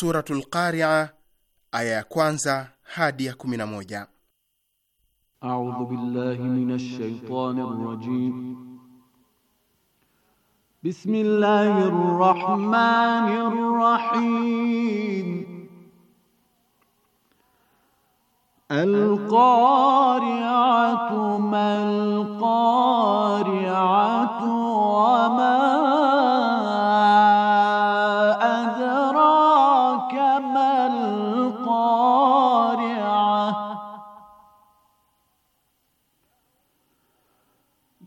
Suratul Qaria aya ya kwanza hadi ya 11. A'udhu billahi minash shaitani rrajim. Bismillahir rahmanir rahim. Alqa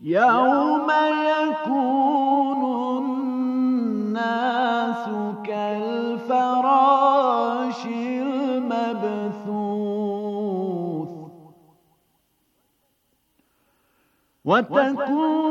يوم يكون الناس كالفراش المبثوث وتكون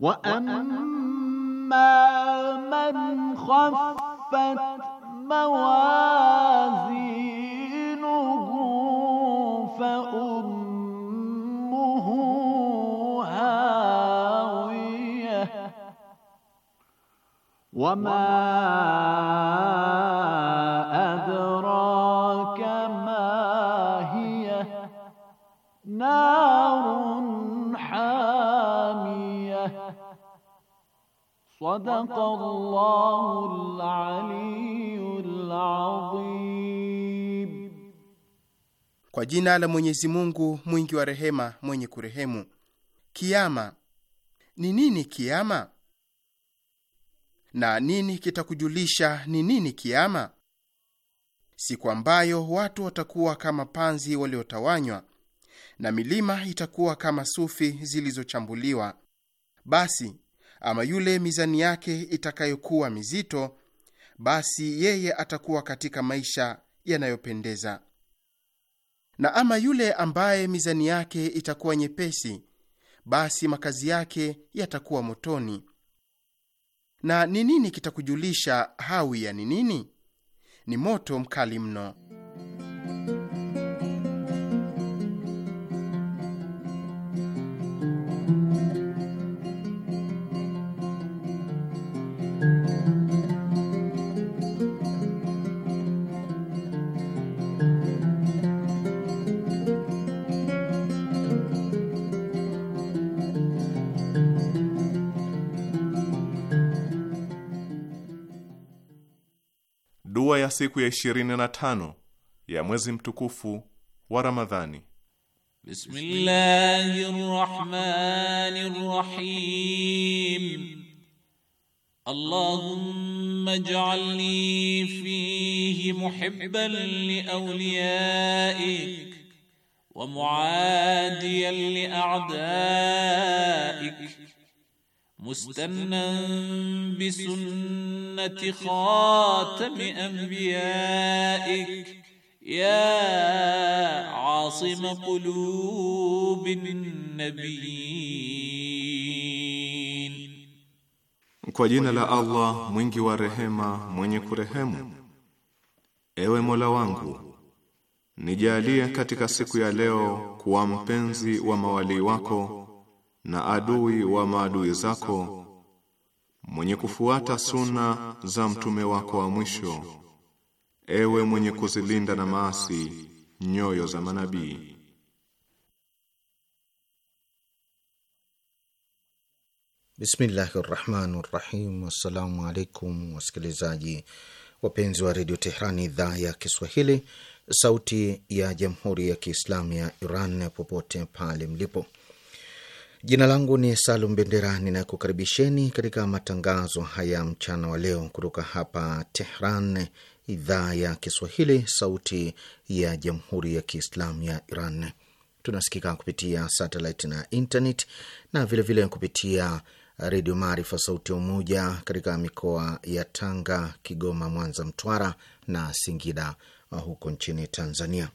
وأما من خفت موازينه فأمه هاوية وما Sadaqallahul Aliyyul Adhim. Kwa jina la Mwenyezi Mungu mwingi wa rehema mwenye kurehemu. Kiama ni nini? Kiama na nini kitakujulisha ni nini kiama? Siku ambayo watu watakuwa kama panzi waliotawanywa na milima itakuwa kama sufi zilizochambuliwa. Basi ama yule mizani yake itakayokuwa mizito, basi yeye atakuwa katika maisha yanayopendeza. Na ama yule ambaye mizani yake itakuwa nyepesi, basi makazi yake yatakuwa motoni. Na ni nini kitakujulisha hawi ya ni nini? Ni moto mkali mno. siku ya 25 ya mwezi mtukufu wa Ramadhani. Bismillahir Rahmanir Rahim. Allahumma ij'alni fihi muhibban li awliyaik wa muadiyan li a'daik mustannan bi sunnati khatami anbiyaik ya asim qulubin nabiyin, kwa jina la Allah mwingi wa rehema mwenye kurehemu. Ewe Mola wangu nijalie katika siku ya leo kuwa mpenzi wa mawalii wako na adui wa maadui zako, mwenye kufuata suna za mtume wako wa mwisho, ewe mwenye kuzilinda na maasi nyoyo za manabii. Bismillahi rahmani rahim. Assalamu alaikum wasikilizaji wapenzi wa redio Tehrani, idhaa ya Kiswahili, sauti ya jamhuri ya kiislamu ya Iran, popote pale mlipo. Jina langu ni Salum Bendera, ninakukaribisheni katika matangazo haya mchana wa leo kutoka hapa Tehran, idhaa ya Kiswahili, sauti ya jamhuri ya kiislamu ya Iran. Tunasikika kupitia satelit na internet na vilevile vile kupitia Redio Maarifa, sauti ya Umoja, katika mikoa ya Tanga, Kigoma, Mwanza, Mtwara na Singida huko nchini Tanzania.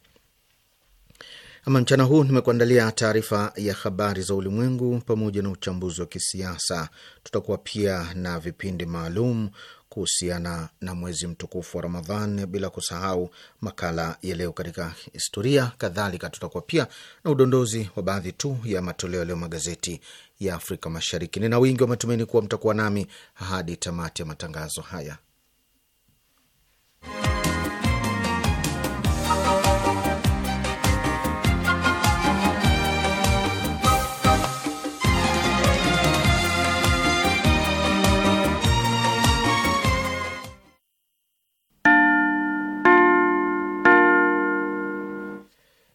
Ama mchana huu nimekuandalia taarifa ya habari za ulimwengu pamoja na uchambuzi wa kisiasa. Tutakuwa pia na vipindi maalum kuhusiana na mwezi mtukufu wa Ramadhan, bila kusahau makala ya leo katika historia. Kadhalika tutakuwa pia na udondozi wa baadhi tu ya matoleo leo magazeti ya Afrika Mashariki. Nina wingi wa matumaini kuwa mtakuwa nami hadi tamati ya matangazo haya.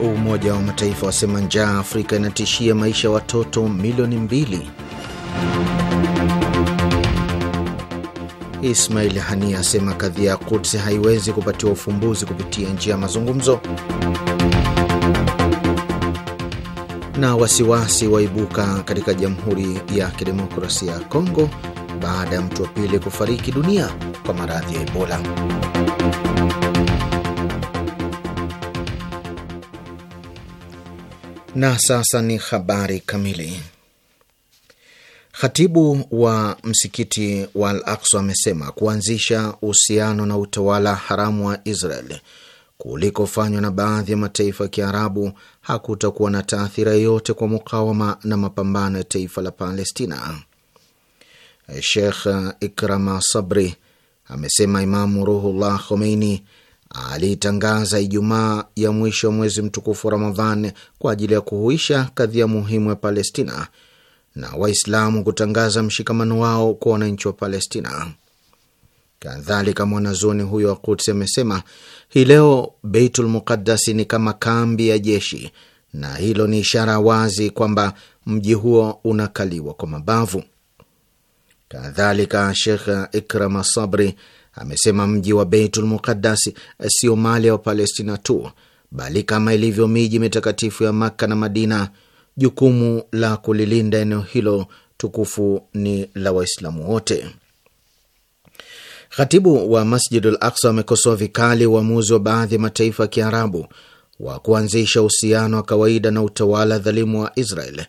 Umoja wa Mataifa wasema njaa Afrika inatishia maisha ya watoto milioni mbili. Ismail Hania asema kadhia ya Kudsi haiwezi kupatiwa ufumbuzi kupitia njia ya mazungumzo, na wasiwasi waibuka katika Jamhuri ya Kidemokrasia ya Kongo baada ya mtu wa pili kufariki dunia kwa maradhi ya Ebola. Na sasa ni habari kamili. Khatibu wa msikiti wa Al Aksa amesema kuanzisha uhusiano na utawala haramu wa Israel kulikofanywa na baadhi ya mataifa ya Kiarabu hakutakuwa na taathira yoyote kwa mukawama na mapambano ya taifa la Palestina. Sheikh Ikrama Sabri amesema Imamu Ruhullah Khomeini aliitangaza Ijumaa ya mwisho wa mwezi mtukufu wa Ramadhan kwa ajili ya kuhuisha kadhia muhimu ya Palestina na Waislamu kutangaza mshikamano wao kwa wananchi wa Palestina. Kadhalika, mwanazuoni huyo wa Kutsi amesema hii leo Beitul Muqaddasi ni kama kambi ya jeshi, na hilo ni ishara wazi kwamba mji huo unakaliwa kwa mabavu. Kadhalika, Shekh Ikrama Sabri amesema mji wa Beitul Muqaddasi eh, sio mali ya Wapalestina tu, bali kama ilivyo miji mitakatifu ya Makka na Madina, jukumu la kulilinda eneo hilo tukufu ni la Waislamu wote. Khatibu wa Masjidul Aksa amekosoa vikali uamuzi wa baadhi ya mataifa ya Kiarabu wa kuanzisha uhusiano wa kawaida na utawala dhalimu wa Israel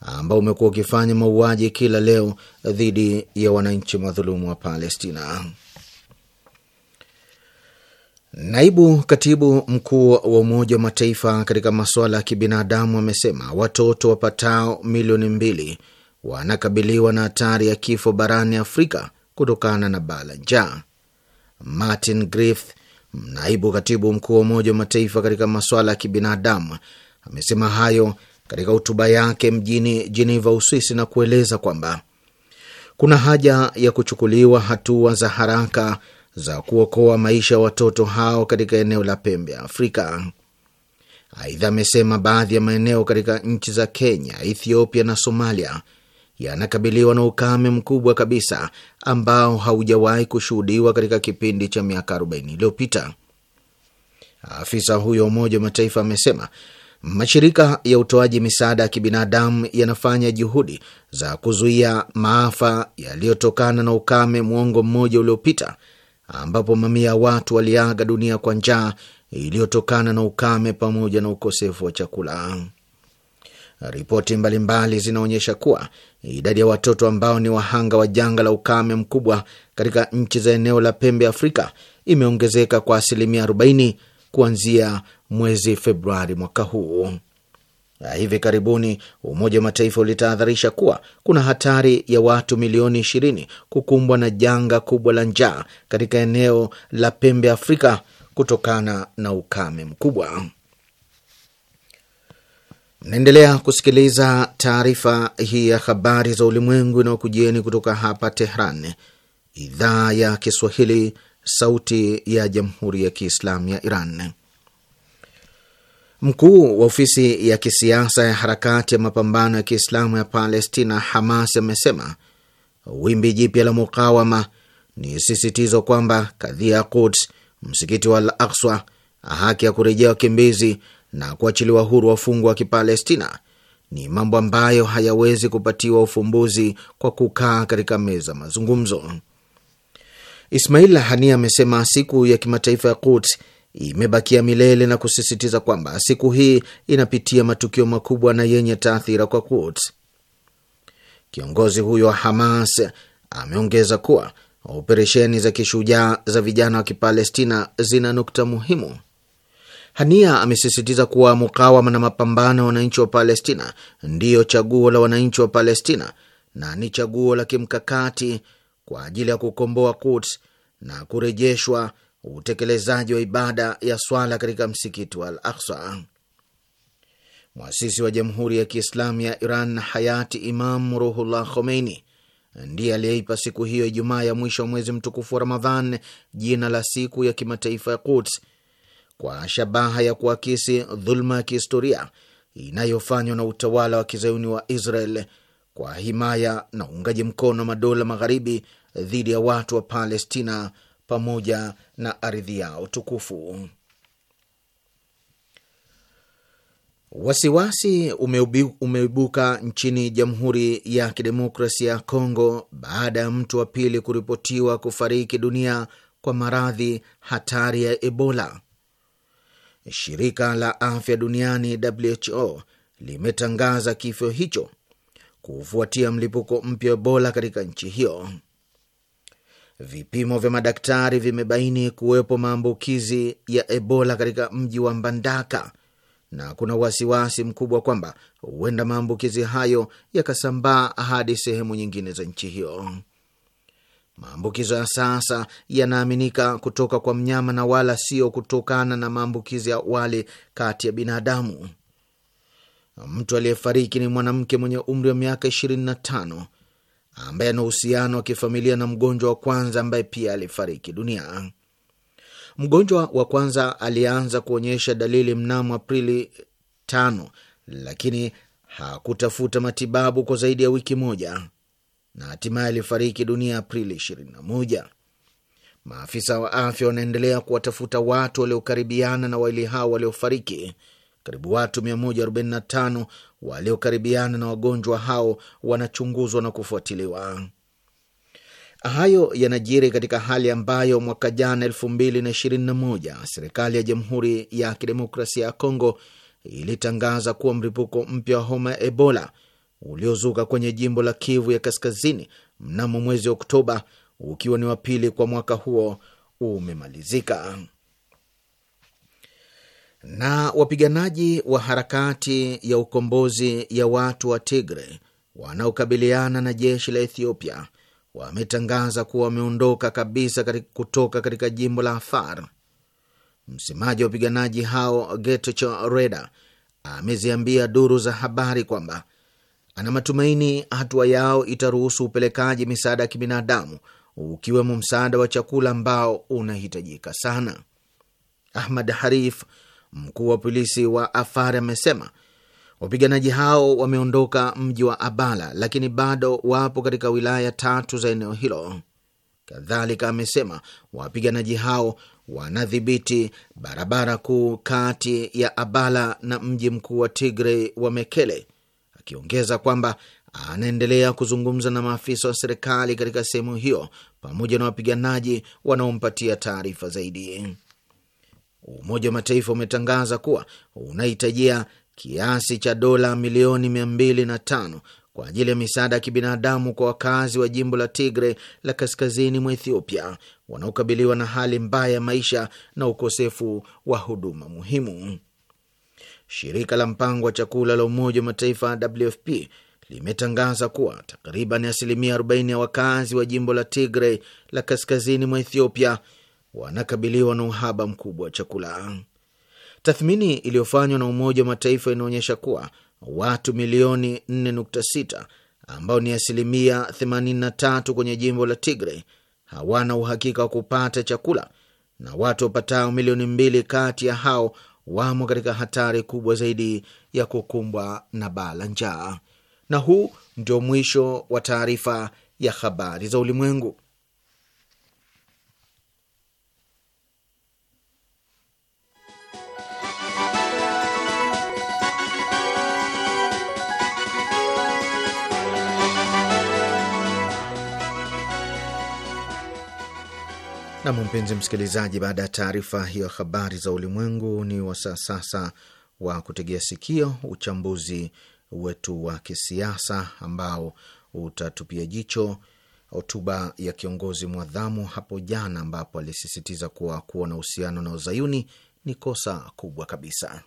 ambao umekuwa ukifanya mauaji kila leo dhidi ya wananchi madhulumu wa Palestina. Naibu katibu mkuu wa Umoja wa Mataifa katika masuala ya kibinadamu amesema watoto wapatao milioni mbili wanakabiliwa na hatari ya kifo barani Afrika kutokana na baa la njaa. Martin Griffiths, naibu katibu mkuu wa Umoja wa Mataifa katika masuala ya kibinadamu, amesema hayo katika hotuba yake mjini Jeneva, Uswisi, na kueleza kwamba kuna haja ya kuchukuliwa hatua za haraka za kuokoa maisha ya watoto hao katika eneo la pembe ya Afrika. Aidha, amesema baadhi ya maeneo katika nchi za Kenya, Ethiopia na Somalia yanakabiliwa na ukame mkubwa kabisa ambao haujawahi kushuhudiwa katika kipindi cha miaka 40 iliyopita. Afisa huyo wa Umoja wa Mataifa amesema mashirika ya utoaji misaada ya kibinadamu yanafanya juhudi za kuzuia maafa yaliyotokana na ukame mwongo mmoja uliopita ambapo mamia ya watu waliaga dunia kwa njaa iliyotokana na ukame pamoja na ukosefu wa chakula. Ripoti mbalimbali zinaonyesha kuwa idadi ya watoto ambao ni wahanga wa janga la ukame mkubwa katika nchi za eneo la pembe Afrika imeongezeka kwa asilimia 40 kuanzia mwezi Februari mwaka huu. Hivi karibuni Umoja wa Mataifa ulitahadharisha kuwa kuna hatari ya watu milioni 20 kukumbwa na janga kubwa la njaa katika eneo la pembe Afrika kutokana na ukame mkubwa. Mnaendelea kusikiliza taarifa hii ya habari za ulimwengu inayokujieni kutoka hapa Tehran, idhaa ya Kiswahili, sauti ya jamhuri ya kiislamu ya Iran. Mkuu wa ofisi ya kisiasa ya harakati ya mapambano ya Kiislamu ya Palestina, Hamas, amesema wimbi jipya la mukawama ni sisitizo kwamba kadhia ya Quds, msikiti wa Al Akswa, haki ya kurejea wakimbizi na kuachiliwa huru wafungwa wa Kipalestina ni mambo ambayo hayawezi kupatiwa ufumbuzi kwa kukaa katika meza mazungumzo. Ismail Hania amesema siku ya kimataifa ya Quds imebakia milele na kusisitiza kwamba siku hii inapitia matukio makubwa na yenye taathira kwa Quds. Kiongozi huyo wa Hamas ameongeza kuwa operesheni za kishujaa za vijana wa Kipalestina zina nukta muhimu. Hania amesisitiza kuwa mukawama na mapambano ya wananchi wa Palestina ndiyo chaguo la wananchi wa Palestina na ni chaguo la kimkakati kwa ajili ya kukomboa Quds na kurejeshwa utekelezaji wa ibada ya swala katika msikiti wa Al Aksa. Mwasisi wa Jamhuri ya Kiislamu ya Iran hayati Imam Ruhullah Khomeini ndiye aliyeipa siku hiyo Ijumaa ya mwisho wa mwezi mtukufu wa Ramadhan jina la siku ya kimataifa ya Quds kwa shabaha ya kuakisi dhuluma ya kihistoria inayofanywa na utawala wa kizayuni wa Israel kwa himaya na uungaji mkono madola magharibi dhidi ya watu wa Palestina pamoja na ardhi yao tukufu. Wasiwasi umeibuka nchini Jamhuri ya Kidemokrasia ya Kongo baada ya mtu wa pili kuripotiwa kufariki dunia kwa maradhi hatari ya Ebola. Shirika la Afya Duniani WHO limetangaza kifo hicho kufuatia mlipuko mpya wa Ebola katika nchi hiyo. Vipimo vya madaktari vimebaini kuwepo maambukizi ya Ebola katika mji wa Mbandaka na kuna wasiwasi mkubwa kwamba huenda maambukizi hayo yakasambaa hadi sehemu nyingine za nchi hiyo. Maambukizo ya sasa yanaaminika kutoka kwa mnyama na wala sio kutokana na maambukizi ya awali kati ya binadamu. Mtu aliyefariki ni mwanamke mwenye umri wa miaka 25 ambaye ana uhusiano wa kifamilia na mgonjwa wa kwanza ambaye pia alifariki dunia. Mgonjwa wa kwanza alianza kuonyesha dalili mnamo Aprili tano, lakini hakutafuta matibabu kwa zaidi ya wiki moja na hatimaye alifariki dunia Aprili 21. Maafisa wa afya wanaendelea kuwatafuta watu waliokaribiana na wawili hao waliofariki. Karibu watu 145 waliokaribiana na wagonjwa hao wanachunguzwa na kufuatiliwa. Hayo yanajiri katika hali ambayo mwaka jana 2021 serikali ya Jamhuri ya Kidemokrasia ya Kongo ilitangaza kuwa mlipuko mpya wa homa ya Ebola uliozuka kwenye jimbo la Kivu ya Kaskazini mnamo mwezi Oktoba, ukiwa ni wa pili kwa mwaka huo umemalizika na wapiganaji wa harakati ya ukombozi ya watu wa Tigre wanaokabiliana na jeshi la Ethiopia wametangaza kuwa wameondoka kabisa katika kutoka katika jimbo la Afar. Msemaji wa wapiganaji hao Getachew Reda ameziambia duru za habari kwamba ana matumaini hatua yao itaruhusu upelekaji misaada ya kibinadamu ukiwemo msaada wa chakula ambao unahitajika sana. Ahmad Harif Mkuu wa polisi wa Afari amesema wapiganaji hao wameondoka mji wa Abala, lakini bado wapo katika wilaya tatu za eneo hilo. Kadhalika amesema wapiganaji hao wanadhibiti barabara kuu kati ya Abala na mji mkuu wa Tigray wa Mekele, akiongeza kwamba anaendelea kuzungumza na maafisa wa serikali katika sehemu hiyo pamoja na wapiganaji wanaompatia taarifa zaidi. Umoja wa Mataifa umetangaza kuwa unahitajia kiasi cha dola milioni mia mbili na tano kwa ajili ya misaada ya kibinadamu kwa wakazi wa jimbo la Tigre la kaskazini mwa Ethiopia wanaokabiliwa na hali mbaya ya maisha na ukosefu wa huduma muhimu. Shirika la mpango wa chakula la Umoja wa Mataifa WFP limetangaza kuwa takriban asilimia 40 ya wakazi wa jimbo la Tigre la kaskazini mwa Ethiopia wanakabiliwa na uhaba mkubwa wa chakula. Tathmini iliyofanywa na Umoja wa Mataifa inaonyesha kuwa watu milioni 4.6 ambao ni asilimia 83 kwenye jimbo la Tigre hawana uhakika wa kupata chakula na watu wapatao milioni mbili kati ya hao wamo katika hatari kubwa zaidi ya kukumbwa na baa la njaa. Na huu ndio mwisho wa taarifa ya habari za ulimwengu. Nam, mpenzi msikilizaji, baada ya taarifa hiyo habari za ulimwengu, ni wasaa sasa wa kutegea sikio uchambuzi wetu wa kisiasa ambao utatupia jicho hotuba ya kiongozi mwadhamu hapo jana, ambapo alisisitiza kuwa kuwa na uhusiano na uzayuni ni kosa kubwa kabisa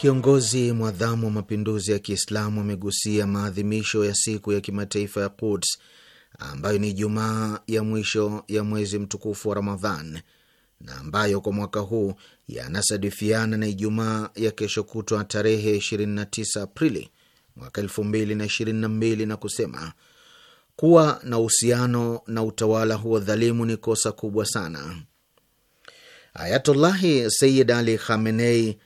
Kiongozi mwadhamu wa mapinduzi ya Kiislamu amegusia maadhimisho ya siku ya kimataifa ya Quds ambayo ni Jumaa ya mwisho ya mwezi mtukufu wa Ramadhan na ambayo kwa mwaka huu yanasadifiana na Ijumaa ya kesho kutwa tarehe 29 Aprili mwaka 2022 na kusema kuwa na uhusiano na utawala huo dhalimu ni kosa kubwa sana. Ayatullahi Sayyid Ali Khamenei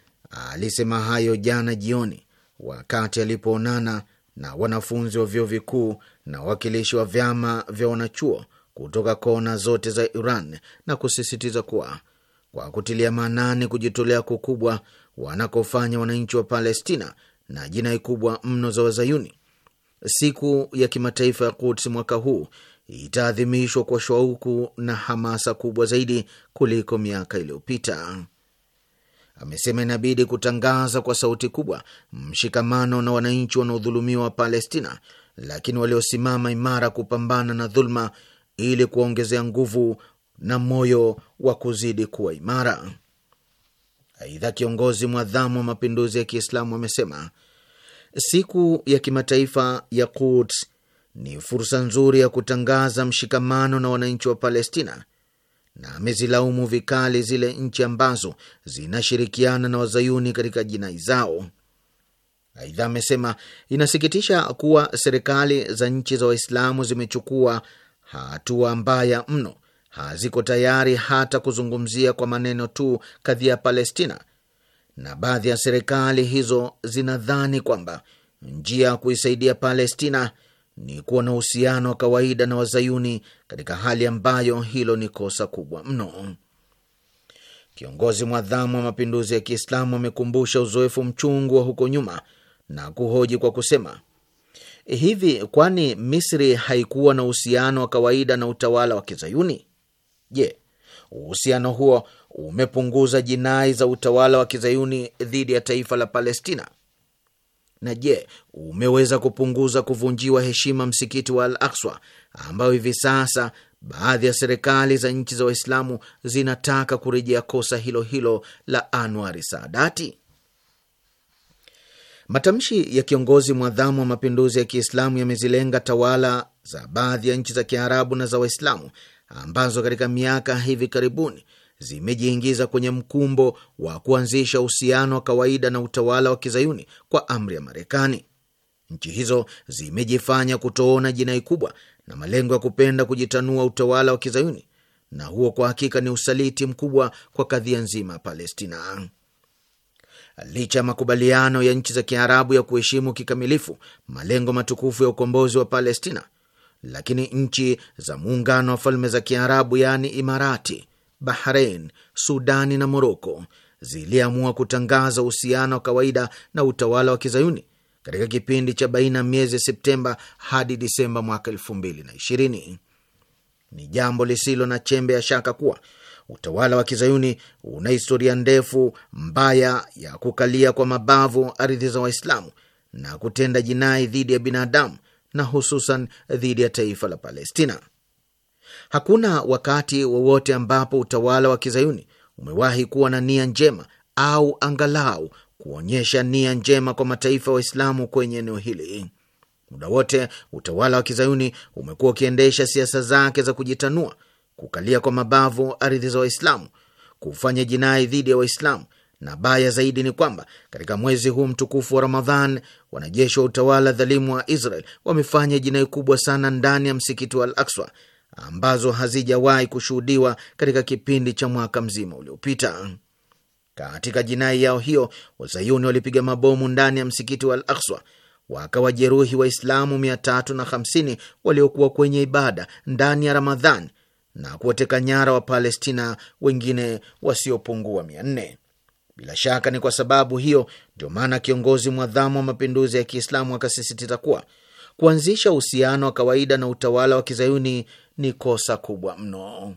alisema hayo jana jioni wakati alipoonana na wanafunzi wa vyuo vikuu na wawakilishi wa vyama vya wanachuo kutoka kona zote za Iran na kusisitiza kuwa kwa kutilia maanani kujitolea kukubwa wanakofanya wananchi wa Palestina na jinai kubwa mno za Wazayuni, siku ya kimataifa ya Quds mwaka huu itaadhimishwa kwa shauku na hamasa kubwa zaidi kuliko miaka iliyopita amesema inabidi kutangaza kwa sauti kubwa mshikamano na wananchi wanaodhulumiwa wa Palestina, lakini waliosimama imara kupambana na dhuluma ili kuwaongezea nguvu na moyo wa kuzidi kuwa imara. Aidha, kiongozi mwadhamu wa mapinduzi ya Kiislamu amesema siku ya kimataifa ya Quds ni fursa nzuri ya kutangaza mshikamano na wananchi wa Palestina na amezilaumu vikali zile nchi ambazo zinashirikiana na wazayuni katika jinai zao. Aidha, amesema inasikitisha kuwa serikali za nchi za Waislamu zimechukua hatua mbaya mno, haziko tayari hata kuzungumzia kwa maneno tu kadhia ya Palestina, na baadhi ya serikali hizo zinadhani kwamba njia ya kuisaidia Palestina ni kuwa na uhusiano wa kawaida na Wazayuni, katika hali ambayo hilo ni kosa kubwa mno. Kiongozi mwadhamu wa mapinduzi ya Kiislamu amekumbusha uzoefu mchungu wa huko nyuma na kuhoji kwa kusema hivi, kwani Misri haikuwa na uhusiano wa kawaida na utawala wa Kizayuni? Je, uhusiano huo umepunguza jinai za utawala wa Kizayuni dhidi ya taifa la Palestina? Na je, umeweza kupunguza kuvunjiwa heshima msikiti wa Al Akswa ambayo hivi sasa baadhi ya serikali za nchi za Waislamu zinataka kurejea kosa hilo hilo la Anwari Saadati? Matamshi ya kiongozi mwadhamu wa mapinduzi ya Kiislamu yamezilenga tawala za baadhi ya nchi za Kiarabu na za Waislamu ambazo katika miaka hivi karibuni zimejiingiza kwenye mkumbo wa kuanzisha uhusiano wa kawaida na utawala wa kizayuni kwa amri ya Marekani. Nchi hizo zimejifanya kutoona jinai kubwa na malengo ya kupenda kujitanua utawala wa kizayuni, na huo kwa hakika ni usaliti mkubwa kwa kadhia nzima ya Palestina. Licha ya makubaliano ya nchi za Kiarabu ya kuheshimu kikamilifu malengo matukufu ya ukombozi wa Palestina, lakini nchi za Muungano wa Falme za Kiarabu yaani Imarati bahrain Sudani na Moroko ziliamua kutangaza uhusiano wa kawaida na utawala wa kizayuni katika kipindi cha baina ya miezi Septemba hadi Disemba mwaka elfu mbili na ishirini. Ni jambo lisilo na chembe ya shaka kuwa utawala wa kizayuni una historia ndefu mbaya ya kukalia kwa mabavu ardhi za Waislamu na kutenda jinai dhidi ya binadamu na hususan dhidi ya taifa la Palestina. Hakuna wakati wowote ambapo utawala wa kizayuni umewahi kuwa na nia njema au angalau kuonyesha nia njema kwa mataifa Waislamu kwenye eneo hili. Muda wote utawala wa kizayuni umekuwa ukiendesha siasa zake za kujitanua, kukalia kwa mabavu ardhi za Waislamu, kufanya jinai dhidi ya Waislamu na baya zaidi ni kwamba katika mwezi huu mtukufu wa Ramadhan, wanajeshi wa utawala dhalimu wa Israel wamefanya jinai kubwa sana ndani ya msikiti wa Al Akswa ambazo hazijawahi kushuhudiwa katika kipindi cha mwaka mzima uliopita. Katika jinai yao hiyo, wazayuni walipiga mabomu ndani ya msikiti wa Al Akswa, wakawajeruhi Waislamu 350 waliokuwa kwenye ibada ndani ya Ramadhan na kuwateka nyara wa Palestina wengine wasiopungua 4 400. Bila shaka ni kwa sababu hiyo ndio maana kiongozi mwadhamu wa mapinduzi ya Kiislamu akasisitiza kuwa kuanzisha uhusiano wa kawaida na utawala wa kizayuni ni kosa kubwa mno.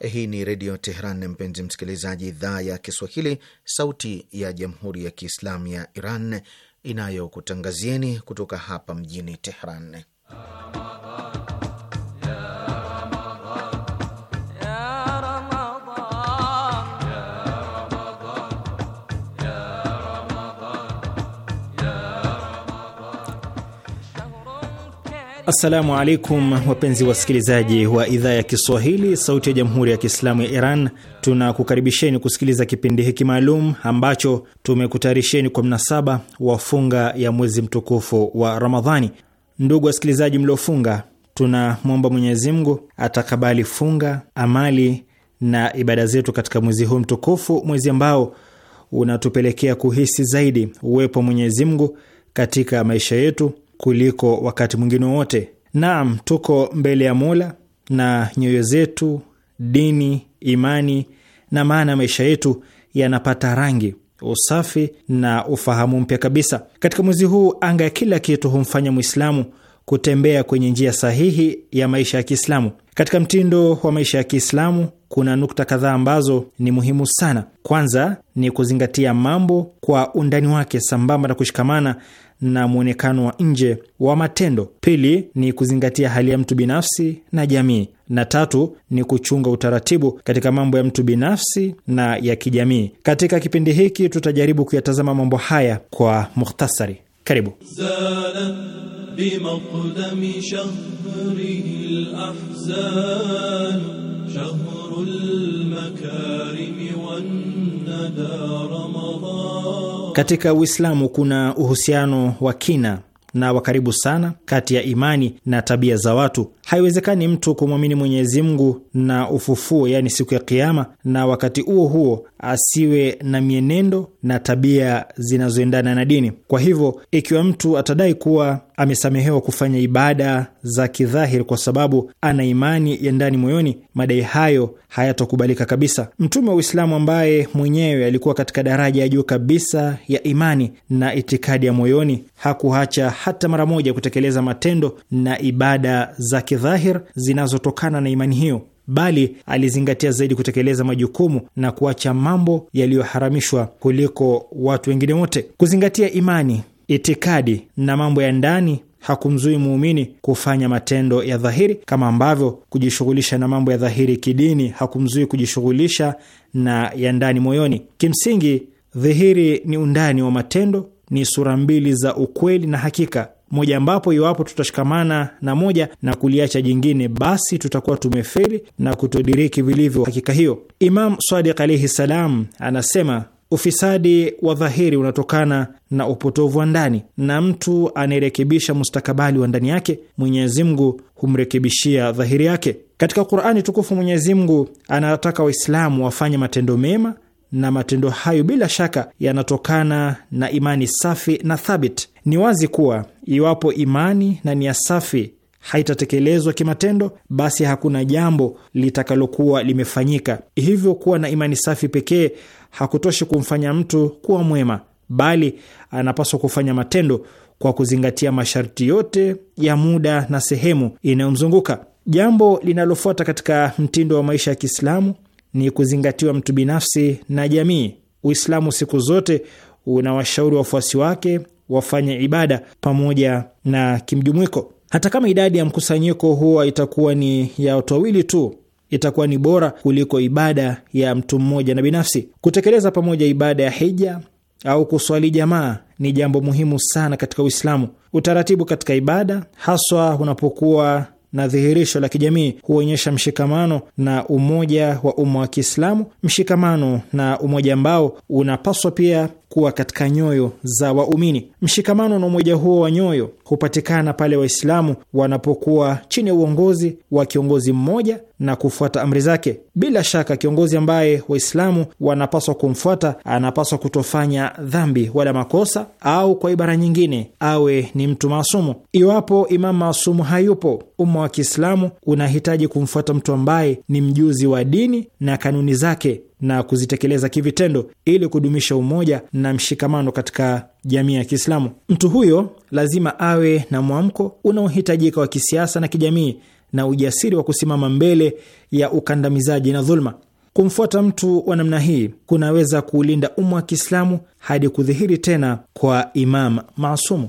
Hii ni Redio Teheran, mpenzi msikilizaji, idhaa ya Kiswahili, sauti ya Jamhuri ya Kiislamu ya Iran inayokutangazieni kutoka hapa mjini Teheran. Assalamu alaikum wapenzi wasikilizaji wa idhaa ya Kiswahili sauti ya jamhuri ya kiislamu ya Iran, tunakukaribisheni kusikiliza kipindi hiki maalum ambacho tumekutayarisheni kwa mnasaba wa funga ya mwezi mtukufu wa Ramadhani. Ndugu wasikilizaji mliofunga, tunamwomba Mwenyezi Mungu atakabali funga, amali na ibada zetu katika mwezi huu mtukufu, mwezi ambao unatupelekea kuhisi zaidi uwepo Mwenyezi Mungu katika maisha yetu kuliko wakati mwingine wowote. Naam, tuko mbele ya Mola na nyoyo zetu, dini, imani na maana ya maisha yetu yanapata rangi, usafi na ufahamu mpya kabisa. Katika mwezi huu, anga ya kila kitu humfanya Mwislamu kutembea kwenye njia sahihi ya maisha ya Kiislamu. Katika mtindo wa maisha ya Kiislamu kuna nukta kadhaa ambazo ni muhimu sana. Kwanza ni kuzingatia mambo kwa undani wake, sambamba na kushikamana na mwonekano wa nje wa matendo. Pili ni kuzingatia hali ya mtu binafsi na jamii, na tatu ni kuchunga utaratibu katika mambo ya mtu binafsi na ya kijamii. Katika kipindi hiki tutajaribu kuyatazama mambo haya kwa mukhtasari. Karibu. Katika Uislamu kuna uhusiano wa kina na wa karibu sana kati ya imani na tabia za watu Haiwezekani mtu kumwamini Mwenyezi Mungu na ufufuo, yaani siku ya Kiama, na wakati huo huo asiwe na mienendo na tabia zinazoendana na dini. Kwa hivyo, ikiwa mtu atadai kuwa amesamehewa kufanya ibada za kidhahiri kwa sababu ana imani ya ndani moyoni, madai hayo hayatokubalika kabisa. Mtume wa Uislamu ambaye mwenyewe alikuwa katika daraja ya juu kabisa ya imani na itikadi ya moyoni, hakuacha hata mara moja kutekeleza matendo na ibada za kidhahir zinazotokana na imani hiyo, bali alizingatia zaidi kutekeleza majukumu na kuacha mambo yaliyoharamishwa kuliko watu wengine wote. Kuzingatia imani, itikadi na mambo ya ndani hakumzui muumini kufanya matendo ya dhahiri, kama ambavyo kujishughulisha na mambo ya dhahiri kidini hakumzui kujishughulisha na ya ndani moyoni. Kimsingi, dhihiri ni undani wa matendo, ni sura mbili za ukweli na hakika moja ambapo iwapo tutashikamana na moja na kuliacha jingine, basi tutakuwa tumefeli na kutodiriki vilivyo hakika hiyo. Imam Sadiq alaihi salam anasema ufisadi wa dhahiri unatokana na upotovu wa ndani, na mtu anayerekebisha mustakabali wa ndani yake, Mwenyezi Mungu humrekebishia dhahiri yake. Katika Qur'ani tukufu, Mwenyezi Mungu anataka Waislamu wafanye matendo mema na matendo hayo bila shaka yanatokana na imani safi na thabit. Ni wazi kuwa iwapo imani na nia safi haitatekelezwa kimatendo, basi hakuna jambo litakalokuwa limefanyika. Hivyo, kuwa na imani safi pekee hakutoshi kumfanya mtu kuwa mwema, bali anapaswa kufanya matendo kwa kuzingatia masharti yote ya muda na sehemu inayomzunguka. Jambo linalofuata katika mtindo wa maisha ya Kiislamu ni kuzingatiwa mtu binafsi na jamii. Uislamu siku zote unawashauri wafuasi wake wafanye ibada pamoja na kimjumuiko. Hata kama idadi ya mkusanyiko huwa itakuwa ni ya watu wawili tu, itakuwa ni bora kuliko ibada ya mtu mmoja na binafsi. Kutekeleza pamoja ibada ya hija au kuswali jamaa ni jambo muhimu sana katika Uislamu. Utaratibu katika ibada, haswa unapokuwa na dhihirisho la kijamii huonyesha mshikamano na umoja wa umma wa Kiislamu, mshikamano na umoja ambao unapaswa pia kuwa katika nyoyo za waumini. Mshikamano na umoja huo wa nyoyo hupatikana pale Waislamu wanapokuwa chini ya uongozi wa kiongozi mmoja na kufuata amri zake. Bila shaka, kiongozi ambaye Waislamu wanapaswa kumfuata anapaswa kutofanya dhambi wala makosa, au kwa ibara nyingine, awe ni mtu maasumu. Iwapo imamu maasumu hayupo, umma wa Kiislamu unahitaji kumfuata mtu ambaye ni mjuzi wa dini na kanuni zake na kuzitekeleza kivitendo ili kudumisha umoja na mshikamano katika jamii ya Kiislamu. Mtu huyo lazima awe na mwamko unaohitajika wa kisiasa na kijamii na ujasiri wa kusimama mbele ya ukandamizaji na dhuluma. Kumfuata mtu wa namna hii kunaweza kuulinda umma wa Kiislamu hadi kudhihiri tena kwa Imam Masumu.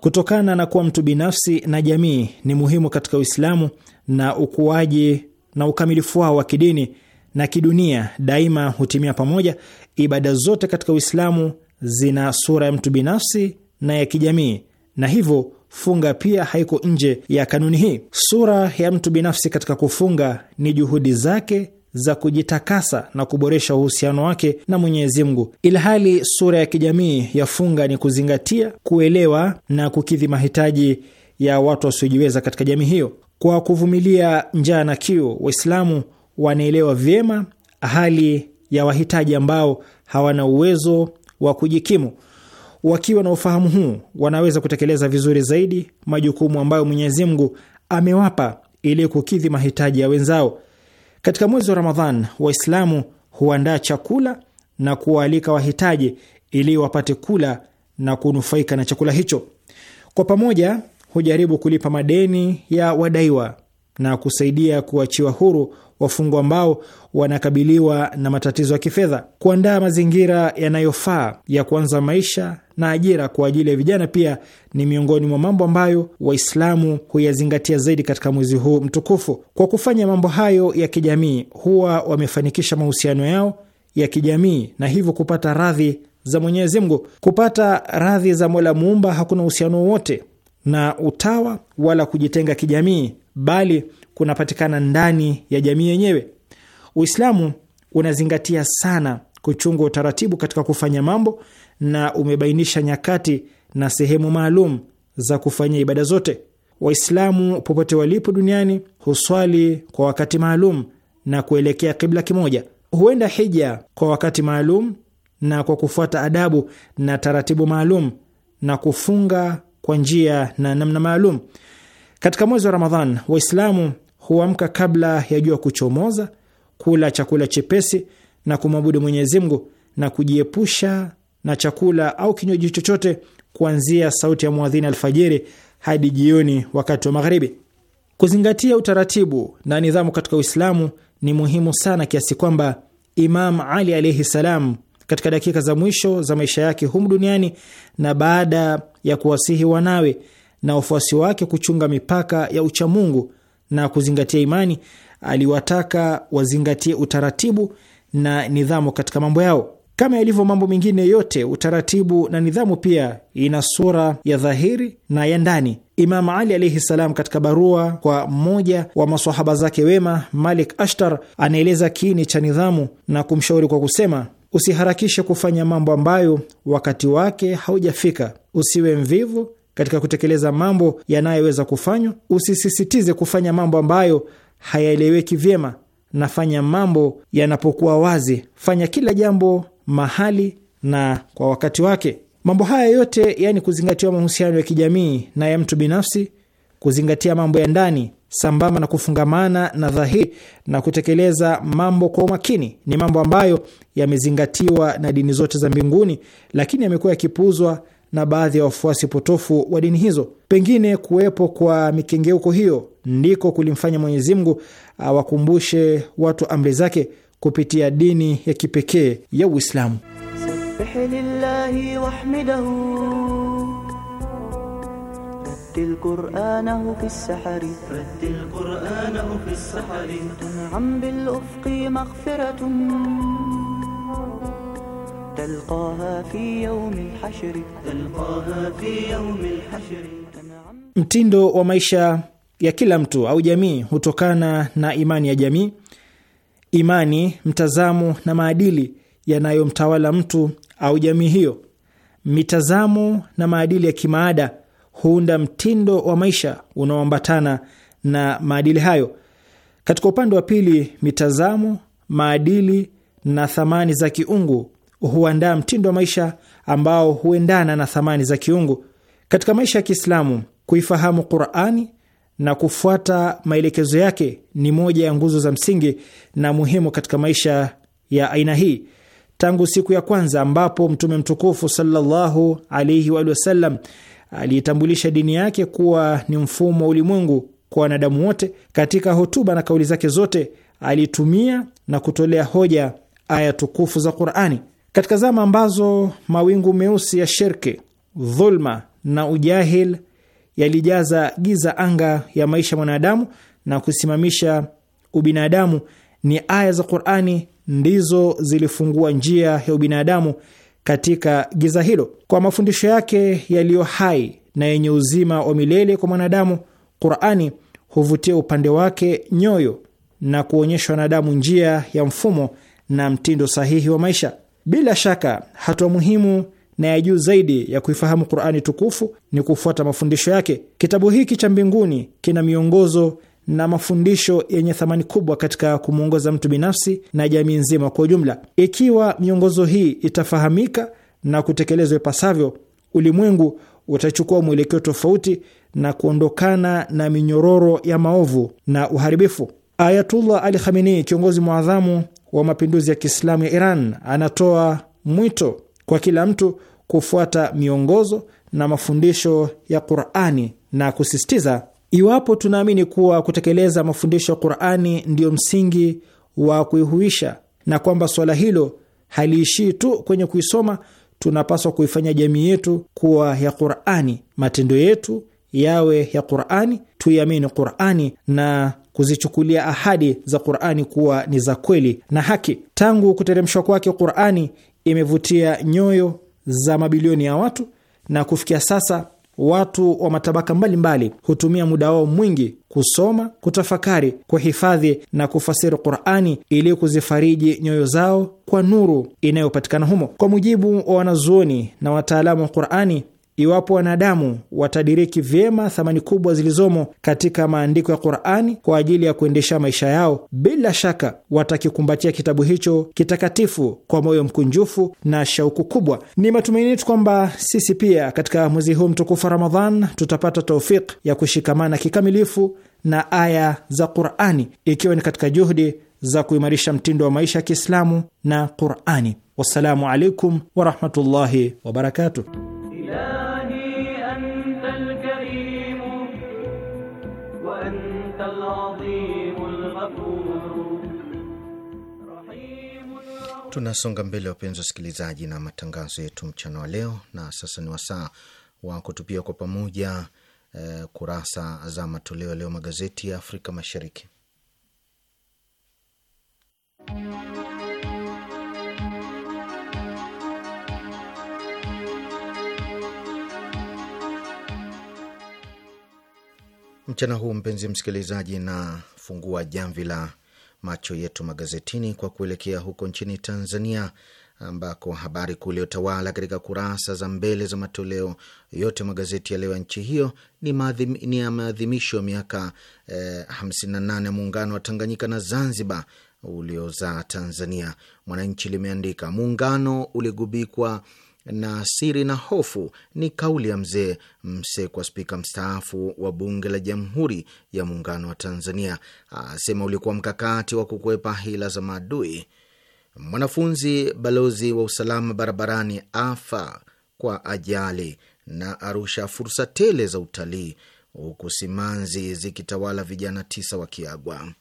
Kutokana na kuwa mtu binafsi na jamii ni muhimu katika Uislamu na ukuaji na ukamilifu wao wa kidini na kidunia daima hutimia pamoja. Ibada zote katika Uislamu zina sura ya mtu binafsi na ya kijamii, na hivyo funga pia haiko nje ya kanuni hii. Sura ya mtu binafsi katika kufunga ni juhudi zake za kujitakasa na kuboresha uhusiano wake na Mwenyezi Mungu, ilhali sura ya kijamii ya funga ni kuzingatia, kuelewa na kukidhi mahitaji ya watu wasiojiweza katika jamii hiyo. Kwa kuvumilia njaa na kiu, Waislamu wanaelewa vyema hali ya wahitaji ambao hawana uwezo wa kujikimu. Wakiwa na ufahamu huu, wanaweza kutekeleza vizuri zaidi majukumu ambayo Mwenyezi Mungu amewapa ili kukidhi mahitaji ya wenzao. Katika mwezi wa Ramadhan, Waislamu huandaa chakula na kuwaalika wahitaji ili wapate kula na kunufaika na chakula hicho. Kwa pamoja hujaribu kulipa madeni ya wadaiwa na kusaidia kuachiwa huru wafungwa ambao wanakabiliwa na matatizo ya kifedha, kuandaa mazingira yanayofaa ya kuanza maisha na ajira kwa ajili ya vijana pia ni miongoni mwa mambo ambayo Waislamu huyazingatia zaidi katika mwezi huu mtukufu. Kwa kufanya mambo hayo ya kijamii, huwa wamefanikisha mahusiano yao ya kijamii na hivyo kupata radhi za Mwenyezi Mungu. Kupata radhi za Mola Muumba hakuna uhusiano wowote na utawa wala kujitenga kijamii bali kunapatikana ndani ya jamii yenyewe. Uislamu unazingatia sana kuchunga utaratibu katika kufanya mambo na umebainisha nyakati na sehemu maalum za kufanyia ibada zote. Waislamu popote walipo duniani huswali kwa wakati maalum na kuelekea kibla kimoja, huenda hija kwa wakati maalum na kwa kufuata adabu na taratibu maalum, na kufunga kwa njia na namna maalum. Katika mwezi wa Ramadhan, Waislamu huamka kabla ya jua kuchomoza, kula chakula chepesi na kumwabudu Mwenyezi Mungu na kujiepusha na chakula au kinywaji chochote kuanzia sauti ya mwadhini alfajiri hadi jioni wakati wa magharibi. Kuzingatia utaratibu na nidhamu katika Uislamu ni muhimu sana kiasi kwamba Imam Ali alaihi salam katika dakika za mwisho za maisha yake humu duniani na baada ya kuwasihi wanawe na wafuasi wake kuchunga mipaka ya uchamungu na kuzingatia imani, aliwataka wazingatie utaratibu na nidhamu katika mambo yao. Kama yalivyo mambo mengine yote, utaratibu na nidhamu pia ina sura ya dhahiri na ya ndani. Imam Ali alaihi salam, katika barua kwa mmoja wa masahaba zake wema, Malik Ashtar, anaeleza kiini cha nidhamu na kumshauri kwa kusema, usiharakishe kufanya mambo ambayo wakati wake haujafika, usiwe mvivu katika kutekeleza mambo yanayoweza kufanywa. Usisisitize kufanya mambo ambayo hayaeleweki vyema, nafanya mambo yanapokuwa wazi. Fanya kila jambo mahali na kwa wakati wake. Mambo haya yote yaani, kuzingatia mahusiano ya kijamii na ya mtu binafsi, kuzingatia mambo ya ndani sambamba na kufungamana na dhahiri na kutekeleza mambo kwa umakini, ni mambo ambayo yamezingatiwa na dini zote za mbinguni, lakini yamekuwa yakipuuzwa na baadhi ya wafuasi potofu wa dini hizo. Pengine kuwepo kwa mikengeuko hiyo ndiko kulimfanya Mwenyezi Mungu awakumbushe watu amri zake kupitia dini ya kipekee ya Uislamu. تلقاها في يوم الحشر تلقاها في يوم الحشر Mtindo wa maisha ya kila mtu au jamii hutokana na imani ya jamii, imani, mtazamo na maadili yanayomtawala mtu au jamii hiyo. Mitazamo na maadili ya kimaada huunda mtindo wa maisha unaoambatana na maadili hayo. Katika upande wa pili, mitazamo, maadili na thamani za kiungu huandaa mtindo wa maisha ambao huendana na thamani za kiungu. Katika maisha ya Kiislamu, kuifahamu Qur'ani na kufuata maelekezo yake ni moja ya nguzo za msingi na muhimu katika maisha ya aina hii. Tangu siku ya kwanza ambapo Mtume mtukufu sallallahu alaihi wa sallam aliitambulisha dini yake kuwa ni mfumo wa ulimwengu kwa wanadamu wote, katika hotuba na kauli zake zote alitumia na kutolea hoja aya tukufu za Qur'ani. Katika zama ambazo mawingu meusi ya shirki, dhulma na ujahil yalijaza giza anga ya maisha mwanadamu na kusimamisha ubinadamu, ni aya za Qur'ani ndizo zilifungua njia ya ubinadamu katika giza hilo. Kwa mafundisho yake yaliyo hai na yenye uzima wa milele kwa mwanadamu, Qur'ani huvutia upande wake nyoyo na kuonyesha wanadamu njia ya mfumo na mtindo sahihi wa maisha. Bila shaka hatua muhimu na ya juu zaidi ya kuifahamu Qur'ani tukufu ni kufuata mafundisho yake. Kitabu hiki cha mbinguni kina miongozo na mafundisho yenye thamani kubwa katika kumwongoza mtu binafsi na jamii nzima kwa ujumla. Ikiwa miongozo hii itafahamika na kutekelezwa ipasavyo, ulimwengu utachukua mwelekeo tofauti na kuondokana na minyororo ya maovu na uharibifu. Ayatullah Ali Khamenei, kiongozi mwadhamu wa mapinduzi ya Kiislamu ya Iran anatoa mwito kwa kila mtu kufuata miongozo na mafundisho ya Qur'ani na kusisitiza, iwapo tunaamini kuwa kutekeleza mafundisho ya Qur'ani ndiyo msingi wa kuihuisha na kwamba swala hilo haliishii tu kwenye kuisoma, tunapaswa kuifanya jamii yetu kuwa ya Qur'ani, matendo yetu yawe ya Qur'ani, tuiamini Qur'ani na kuzichukulia ahadi za Qur'ani kuwa ni za kweli na haki. Tangu kuteremshwa kwake, Qur'ani imevutia nyoyo za mabilioni ya watu na kufikia sasa watu wa matabaka mbalimbali mbali hutumia muda wao mwingi kusoma, kutafakari, kuhifadhi na kufasiri Qur'ani ili kuzifariji nyoyo zao kwa nuru inayopatikana humo. Kwa mujibu wa wanazuoni na wataalamu wa Qur'ani, iwapo wanadamu watadiriki vyema thamani kubwa zilizomo katika maandiko ya Qur'ani kwa ajili ya kuendesha maisha yao, bila shaka watakikumbatia kitabu hicho kitakatifu kwa moyo mkunjufu na shauku kubwa. Ni matumaini yetu kwamba sisi pia katika mwezi huu mtukufu wa Ramadhan tutapata taufik ya kushikamana kikamilifu na aya za Qur'ani, ikiwa ni katika juhudi za kuimarisha mtindo wa maisha ya Kiislamu na Qur'ani. Wassalamu alaikum warahmatullahi wabarakatuh. Tunasonga mbele, wapenzi wasikilizaji, na matangazo yetu mchana wa leo, na sasa ni wasaa wa kutupia kwa pamoja eh, kurasa za matoleo leo magazeti ya Afrika Mashariki. Mchana huu mpenzi msikilizaji, na fungua jamvi la macho yetu magazetini kwa kuelekea huko nchini Tanzania ambako habari kuu iliyotawala katika kurasa za mbele za matoleo yote magazeti ya leo ya nchi hiyo ni, maadhim, ni ya maadhimisho ya miaka eh, 58 ya muungano wa Tanganyika na Zanzibar uliozaa Tanzania. Mwananchi limeandika muungano uligubikwa na siri na hofu ni kauli ya mzee Msekwa, spika mstaafu wa bunge la Jamhuri ya Muungano wa Tanzania, asema ulikuwa mkakati wa kukwepa hila za maadui. Mwanafunzi balozi wa usalama barabarani afa kwa ajali na Arusha fursa tele za utalii, huku simanzi zikitawala vijana tisa wakiagwa.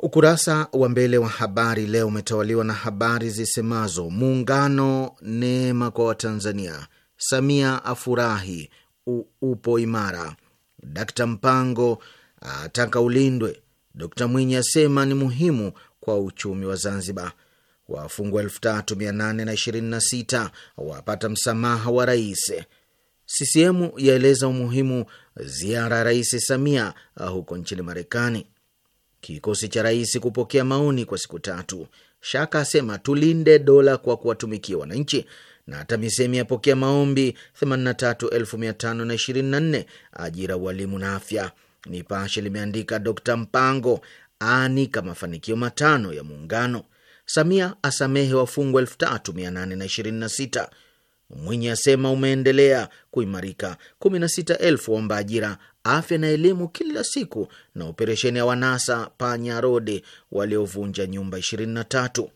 Ukurasa wa mbele wa Habari Leo umetawaliwa na habari zisemazo: Muungano neema kwa Watanzania, Samia afurahi u, upo imara, d Mpango ataka ulindwe, d Mwinyi asema ni muhimu kwa uchumi wa Zanzibar, wafungwa 3826 wapata msamaha wa rais, CCM yaeleza umuhimu ziara ya Rais Samia huko nchini Marekani kikosi cha rais kupokea maoni kwa siku tatu. Shaka asema tulinde dola kwa kuwatumikia wananchi, na TAMISEMI apokea maombi 83524 ajira, ualimu na afya. Nipashe limeandika Dr Mpango aanika mafanikio matano ya muungano. Samia asamehe wafungwa 3826 Mwinyi asema umeendelea kuimarika. 16,000 waomba ajira afya na elimu kila siku, na operesheni ya wanasa panya waliovunja nyumba 23.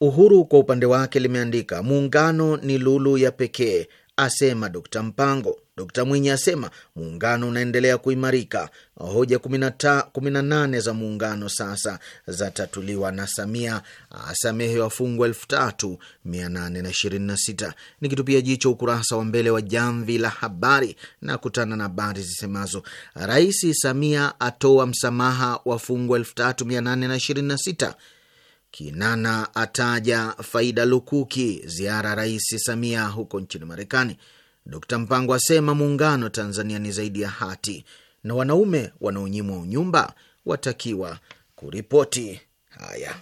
Uhuru kwa upande wake limeandika muungano ni lulu ya pekee, asema Dkt Mpango. Dkt Mwinyi asema muungano unaendelea kuimarika. Hoja 18 za muungano sasa zatatuliwa, na Samia asamehe wafungwa 3826. Ni kitupia jicho ukurasa wa mbele wa Jamvi la Habari na kutana na habari zisemazo Rais Samia atoa msamaha wafungwa 3826 Kinana ataja faida lukuki ziara Rais Samia huko nchini Marekani. Dkt Mpango asema muungano Tanzania ni zaidi ya hati, na wanaume wanaonyimwa unyumba watakiwa kuripoti. Haya.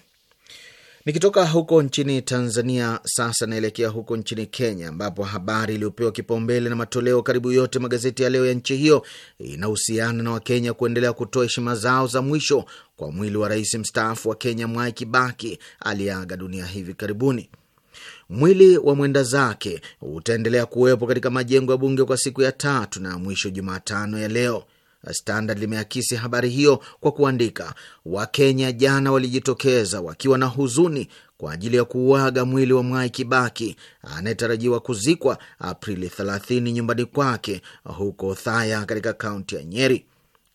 Nikitoka huko nchini Tanzania, sasa naelekea huko nchini Kenya, ambapo habari iliyopewa kipaumbele na matoleo karibu yote magazeti ya leo ya nchi hiyo inahusiana na Wakenya kuendelea kutoa heshima zao za mwisho kwa mwili wa rais mstaafu wa Kenya Mwai Kibaki aliyeaga dunia hivi karibuni. Mwili wa mwenda zake utaendelea kuwepo katika majengo ya bunge kwa siku ya tatu na mwisho Jumatano ya leo. Standard limeakisi habari hiyo kwa kuandika, Wakenya jana walijitokeza wakiwa na huzuni kwa ajili ya kuuaga mwili wa Mwai Kibaki anayetarajiwa kuzikwa Aprili 30 nyumbani kwake huko Thaya katika kaunti ya Nyeri.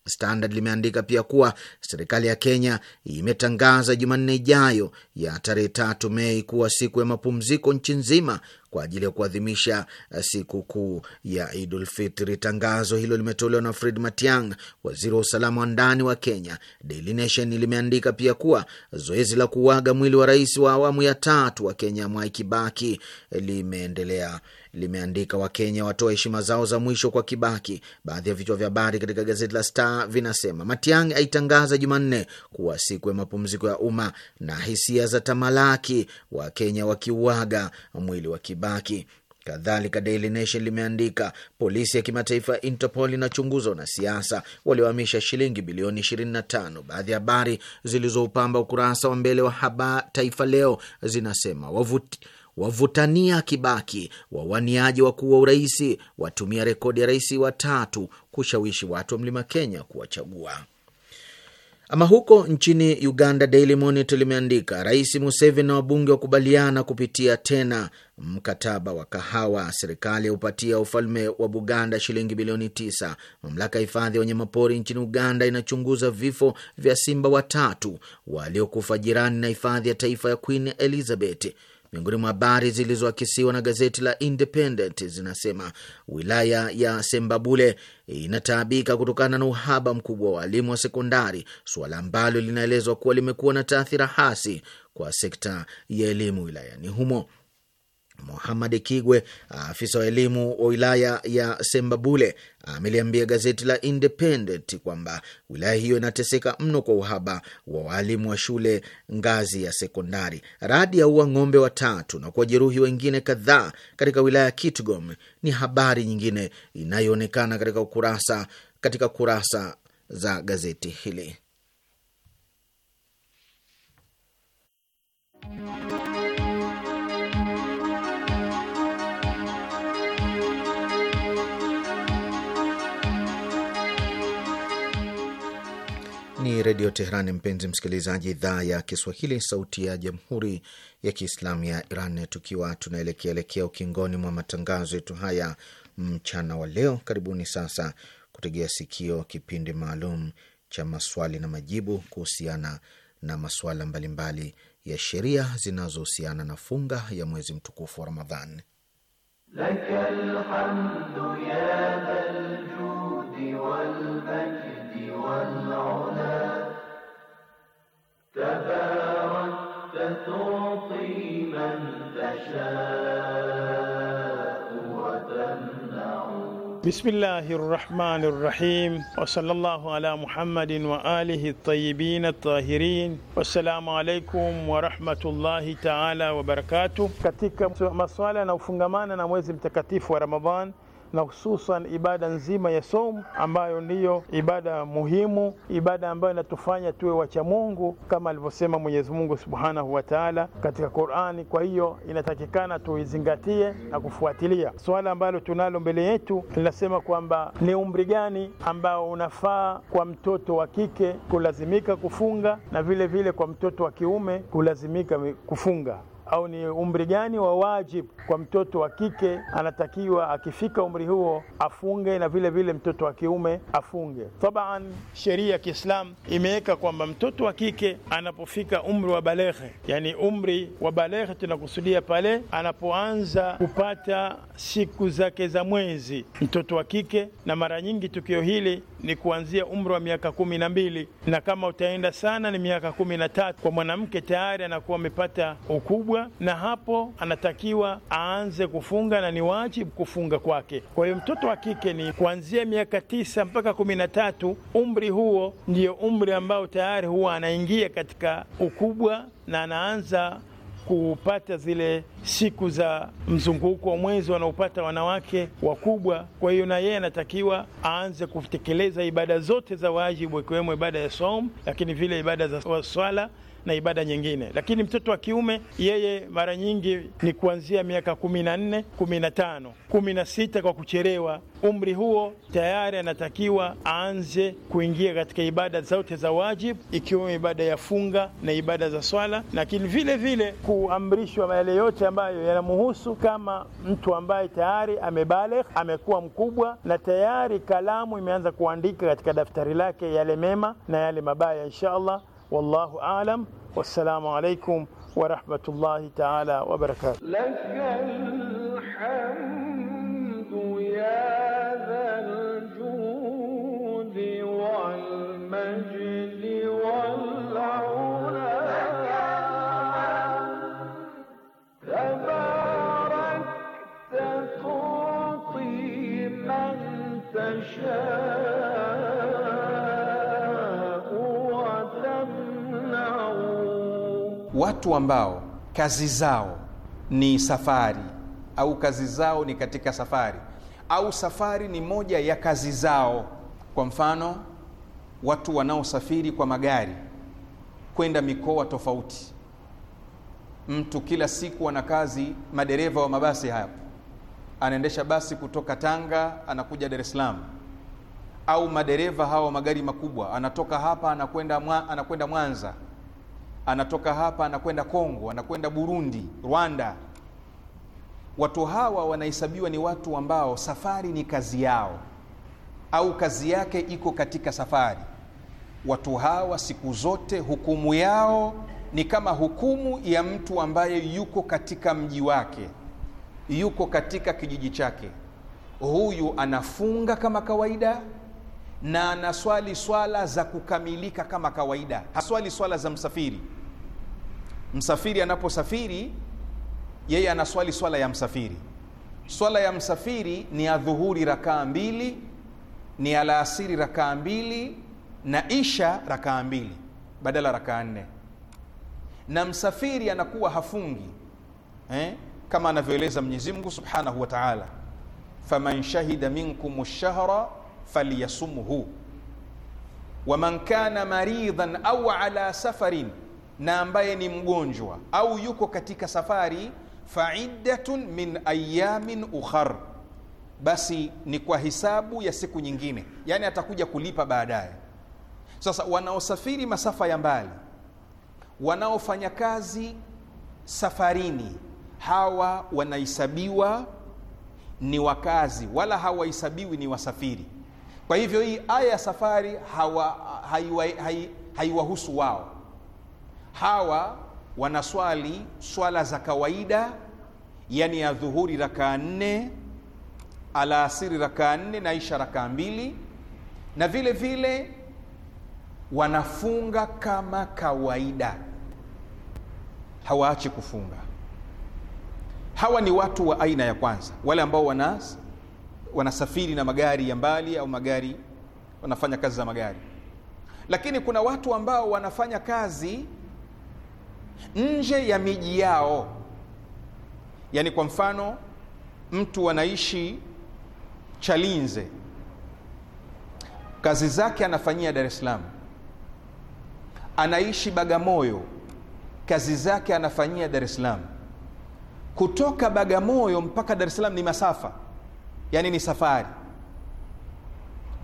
Standard limeandika pia kuwa serikali ya Kenya imetangaza Jumanne ijayo ya tarehe tatu Mei kuwa siku ya mapumziko nchi nzima kwa ajili ya kuadhimisha eh, siku kuu ya Idul Fitri. Tangazo hilo limetolewa na Fred Matiang, waziri wa usalama wa ndani wa Kenya. Daily Nation limeandika pia kuwa zoezi la kuuaga mwili wa rais wa awamu ya tatu wa Kenya Mwai Kibaki eh, limeendelea limeandika Wakenya watoa heshima zao za mwisho kwa Kibaki. Baadhi ya vichwa vya habari katika gazeti la Star vinasema Matiang aitangaza Jumanne kuwa siku ya mapumziko ya umma na hisia za tamalaki, Wakenya wakiuaga mwili wa Kibaki. Kadhalika, Daily Nation limeandika polisi ya kimataifa ya Interpol inachunguza wanasiasa waliohamisha shilingi bilioni 25. Baadhi ya habari zilizoupamba ukurasa wa mbele wa haba Taifa Leo zinasema wavuti wavutania Kibaki, wawaniaji wakuu wa uraisi watumia rekodi ya rais watatu kushawishi watu wa mlima Kenya kuwachagua. Ama huko nchini Uganda, Daily Monitor limeandika Rais Museveni na wabunge wakubaliana kupitia tena mkataba wa kahawa. Serikali yaupatia ufalme wa Buganda shilingi bilioni tisa. Mamlaka ya hifadhi ya wanyamapori nchini Uganda inachunguza vifo vya simba watatu waliokufa jirani na hifadhi ya taifa ya Queen Elizabeth. Miongoni mwa habari zilizoakisiwa na gazeti la Independent zinasema wilaya ya Sembabule inataabika kutokana na uhaba mkubwa wa walimu wa sekondari, suala ambalo linaelezwa kuwa limekuwa na taathira hasi kwa sekta ya elimu wilayani humo. Muhamad Kigwe, afisa wa elimu wa wilaya ya Sembabule, ameliambia gazeti la Independent kwamba wilaya hiyo inateseka mno kwa uhaba wa waalimu wa shule ngazi ya sekondari. Radi ya ua ng'ombe watatu na kuwajeruhi wengine kadhaa katika wilaya ya Kitgum ni habari nyingine inayoonekana katika ukurasa katika kurasa za gazeti hili. Ni Redio Teherani, mpenzi msikilizaji, idhaa ya Kiswahili, sauti ya jamhuri ya kiislamu ya Iran. Tukiwa tunaelekea elekea ukingoni mwa matangazo yetu haya mchana wa leo, karibuni sasa kutegea sikio kipindi maalum cha maswali na majibu kuhusiana na masuala mbalimbali ya sheria zinazohusiana na funga ya mwezi mtukufu wa Ramadhani. والمجد والعلا تباركت تعطي من تشاء وتمنع بسم الله الرحمن الرحيم وصلى الله على محمد وآله الطيبين الطاهرين والسلام عليكم ورحمة الله تعالى وبركاته katika masuala وفنغمانا نموزم تكتيف ورمضان na hususan ibada nzima ya somu ambayo ndiyo ibada muhimu, ibada ambayo inatufanya tuwe wacha Mungu kama alivyosema Mwenyezi Mungu Subhanahu wa Ta'ala katika Qur'ani. Kwa hiyo inatakikana tuizingatie na kufuatilia. Swala ambalo tunalo mbele yetu linasema kwamba ni umri gani ambao unafaa kwa mtoto wa kike kulazimika kufunga na vile vile kwa mtoto wa kiume kulazimika kufunga au ni umri gani wa wajibu kwa mtoto wa kike anatakiwa akifika umri huo afunge, na vile vile mtoto wa kiume afunge. Taban, sheria ya Kiislamu imeweka kwamba mtoto wa kike anapofika umri wa baleghe, yani umri wa baleghe tunakusudia pale anapoanza kupata siku zake za mwezi, mtoto wa kike, na mara nyingi tukio hili ni kuanzia umri wa miaka kumi na mbili na kama utaenda sana ni miaka kumi na tatu kwa mwanamke tayari anakuwa amepata ukubwa, na hapo anatakiwa aanze kufunga na ni wajibu kufunga kwake. Kwa hiyo mtoto wa kike ni kuanzia miaka tisa mpaka kumi na tatu. Umri huo ndio umri ambao tayari huwa anaingia katika ukubwa na anaanza kupata zile siku za mzunguko wa mwezi wanaopata wanawake wakubwa. Kwa hiyo na yeye anatakiwa aanze kutekeleza ibada zote za wajibu, ikiwemo ibada ya saum, lakini vile ibada za swala na ibada nyingine. Lakini mtoto wa kiume yeye mara nyingi ni kuanzia miaka kumi na nne, kumi na tano, kumi na sita kwa kucherewa. Umri huo tayari anatakiwa aanze kuingia katika ibada zote za wajibu ikiwemo ibada ya funga na ibada za swala, lakini vile vile kuamrishwa yale yote ambayo yanamuhusu kama mtu ambaye tayari amebaligh, amekuwa mkubwa na tayari kalamu imeanza kuandika katika daftari lake yale mema na yale mabaya. Insha Allah, wallahu alam. Wassalamu alaikum wa rahmatullahi taala wa wabarakatuh. Watu ambao kazi zao ni safari au kazi zao ni katika safari au safari ni moja ya kazi zao. Kwa mfano, watu wanaosafiri kwa magari kwenda mikoa tofauti. Mtu kila siku ana kazi, madereva wa mabasi hapo, anaendesha basi kutoka Tanga anakuja Dar es Salaam au madereva hawa magari makubwa, anatoka hapa anakwenda mwa, anakwenda Mwanza, anatoka hapa anakwenda Kongo, anakwenda Burundi, Rwanda. Watu hawa wanahesabiwa ni watu ambao safari ni kazi yao au kazi yake iko katika safari. Watu hawa siku zote hukumu yao ni kama hukumu ya mtu ambaye yuko katika mji wake, yuko katika kijiji chake. Huyu anafunga kama kawaida na anaswali swala za kukamilika kama kawaida, haswali swala za msafiri. Msafiri anaposafiri yeye anaswali swala ya msafiri. Swala ya msafiri ni adhuhuri rakaa mbili, ni alaasiri rakaa mbili na isha rakaa mbili badala rakaa nne, na msafiri anakuwa hafungi eh, kama anavyoeleza Mwenyezi Mungu subhanahu wa taala, faman shahida minkum shahra falyasumhu, waman kana maridhan au ala safarin, na ambaye ni mgonjwa au yuko katika safari, faiddatun min ayamin ukhar, basi ni kwa hisabu ya siku nyingine, yani atakuja kulipa baadaye. Sasa wanaosafiri masafa ya mbali, wanaofanya kazi safarini, hawa wanahesabiwa ni wakazi, wala hawahesabiwi ni wasafiri kwa hivyo hii aya ya safari haiwahusu hai, hai wao hawa wanaswali swala za kawaida yani ya dhuhuri rakaa nne alaasiri rakaa nne na isha rakaa mbili na vile vile wanafunga kama kawaida hawaachi kufunga hawa ni watu wa aina ya kwanza wale ambao wana wanasafiri na magari ya mbali au magari wanafanya kazi za magari lakini kuna watu ambao wanafanya kazi nje ya miji yao yaani kwa mfano mtu anaishi chalinze kazi zake anafanyia dar es salaam anaishi bagamoyo kazi zake anafanyia dar es salaam kutoka bagamoyo mpaka dar es salaam ni masafa yani ni safari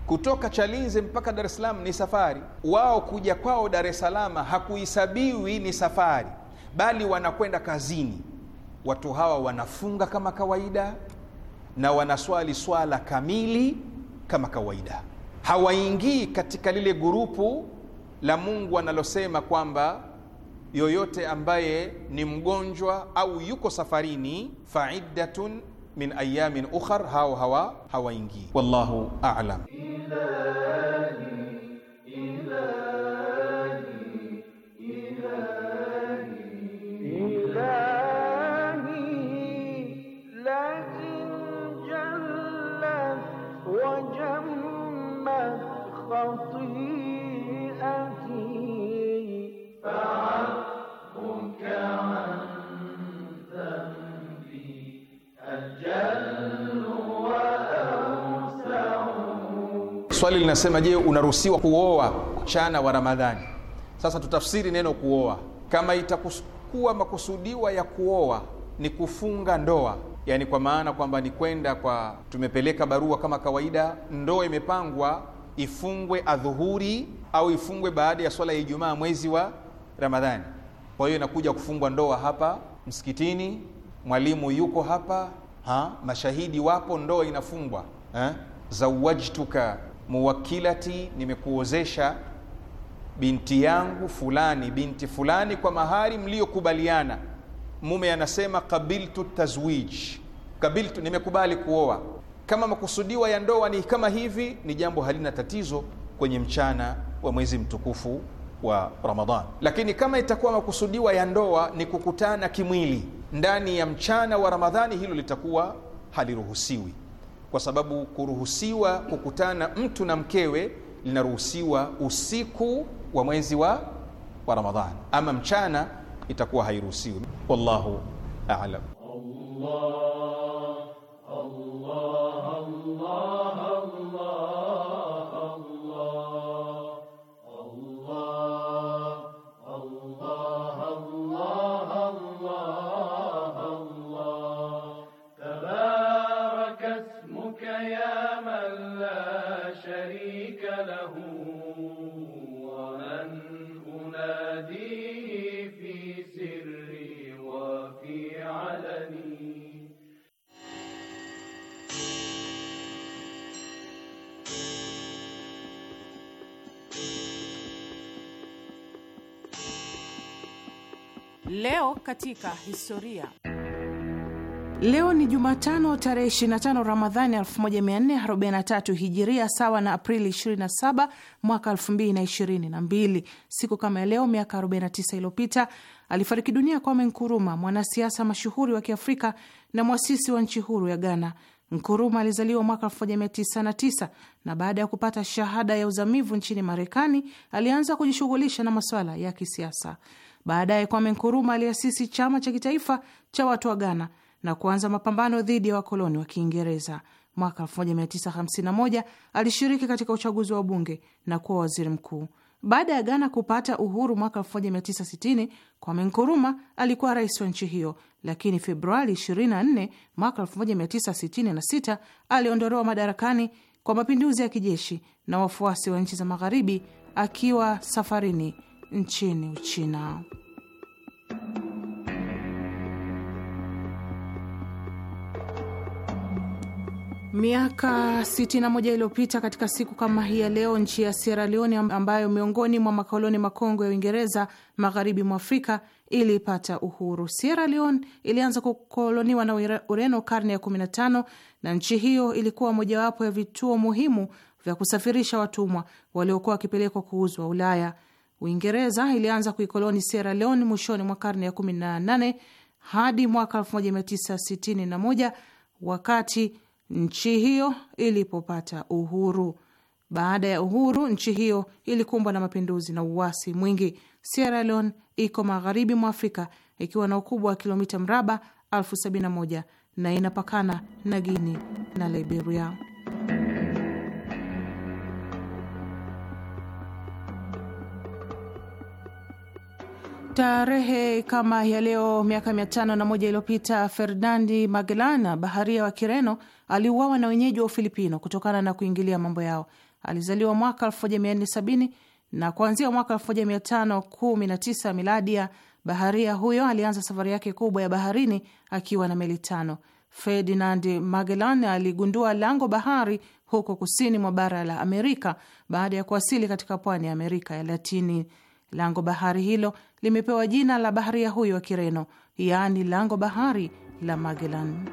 kutoka Chalinze mpaka Dar es Salaam ni safari. Wao kuja kwao Dar es Salaam hakuhesabiwi ni safari, bali wanakwenda kazini. Watu hawa wanafunga kama kawaida na wanaswali swala kamili kama kawaida, hawaingii katika lile gurupu la Mungu analosema kwamba yoyote ambaye ni mgonjwa au yuko safarini faiddatun من أيام أخر هاو هوا هوينجي والله أعلم إلهي إلهي إلهي إلهي جلت وجمت خطيئتي فعفوك عنه Swali linasema je, unaruhusiwa kuoa mchana wa Ramadhani? Sasa tutafsiri neno kuoa. Kama itakuwa makusudiwa ya kuoa ni kufunga ndoa, yani kwa maana kwamba ni kwenda kwa, tumepeleka barua kama kawaida, ndoa imepangwa ifungwe adhuhuri au ifungwe baada ya swala ya Ijumaa mwezi wa Ramadhani. Kwa hiyo inakuja kufungwa ndoa hapa msikitini, mwalimu yuko hapa ha? mashahidi wapo, ndoa inafungwa ha? zawajtuka muwakilati, nimekuozesha binti yangu fulani binti fulani kwa mahari mliyokubaliana. Mume anasema kabiltu tazwij, kabiltu, nimekubali kuoa. Kama makusudiwa ya ndoa ni kama hivi, ni jambo halina tatizo kwenye mchana wa mwezi mtukufu wa Ramadhan. Lakini kama itakuwa makusudiwa ya ndoa ni kukutana kimwili ndani ya mchana wa Ramadhani, hilo litakuwa haliruhusiwi, kwa sababu kuruhusiwa kukutana mtu na mkewe linaruhusiwa usiku wa mwezi wa, wa Ramadhani, ama mchana itakuwa hairuhusiwi. Wallahu a'lam. Allah Leo katika historia. Leo ni Jumatano tarehe 25 Ramadhani 1443 Hijiria, sawa na Aprili 27 mwaka 2022. Siku kama ya leo miaka 49 iliyopita alifariki dunia Kwame Nkuruma, mwanasiasa mashuhuri wa Kiafrika na mwasisi wa nchi huru ya Ghana. Nkuruma alizaliwa mwaka 1909 na baada ya kupata shahada ya uzamivu nchini Marekani alianza kujishughulisha na masuala ya kisiasa. Baadaye Kwame Nkuruma aliasisi chama cha kitaifa cha watu wa Ghana na kuanza mapambano dhidi ya wakoloni wa Kiingereza. Mwaka 1951 alishiriki katika uchaguzi wa bunge na kuwa waziri mkuu. Baada ya Ghana kupata uhuru mwaka 1960, Kwame Nkuruma alikuwa rais wa nchi hiyo, lakini Februari 24 mwaka 1966 aliondolewa madarakani kwa mapinduzi ya kijeshi na wafuasi wa nchi za Magharibi akiwa safarini nchini Uchina. Miaka 61 iliyopita katika siku kama hii ya leo, nchi ya Sierra Leone ambayo miongoni mwa makoloni makongwe ya Uingereza magharibi mwa Afrika iliipata uhuru. Sierra Leone ilianza kukoloniwa na Ureno karne ya 15 na nchi hiyo ilikuwa mojawapo ya vituo muhimu vya kusafirisha watumwa waliokuwa wakipelekwa kuuzwa Ulaya. Uingereza ilianza kuikoloni Sierra Leone mwishoni mwa karne ya 18 hadi mwaka 1961 wakati nchi hiyo ilipopata uhuru. Baada ya uhuru, nchi hiyo ilikumbwa na mapinduzi na uwasi mwingi. Sierra Leone iko magharibi mwa Afrika ikiwa na ukubwa wa kilomita mraba elfu 71 na inapakana na Guinea na Liberia. Tarehe kama ya leo miaka mia tano na moja iliyopita Ferdinandi Magellan, baharia wa Kireno, aliuawa na wenyeji wa Ufilipino kutokana na kuingilia mambo yao. Alizaliwa mwaka 1470 na kuanzia mwaka 1519 miladia, baharia huyo alianza safari yake kubwa ya baharini akiwa na meli tano. Ferdinand Magellan aligundua lango bahari huko kusini mwa bara la Amerika baada ya kuwasili katika pwani ya Amerika ya Latini. Lango bahari hilo limepewa jina la baharia huyo wa Kireno, yaani lango bahari la Magellan.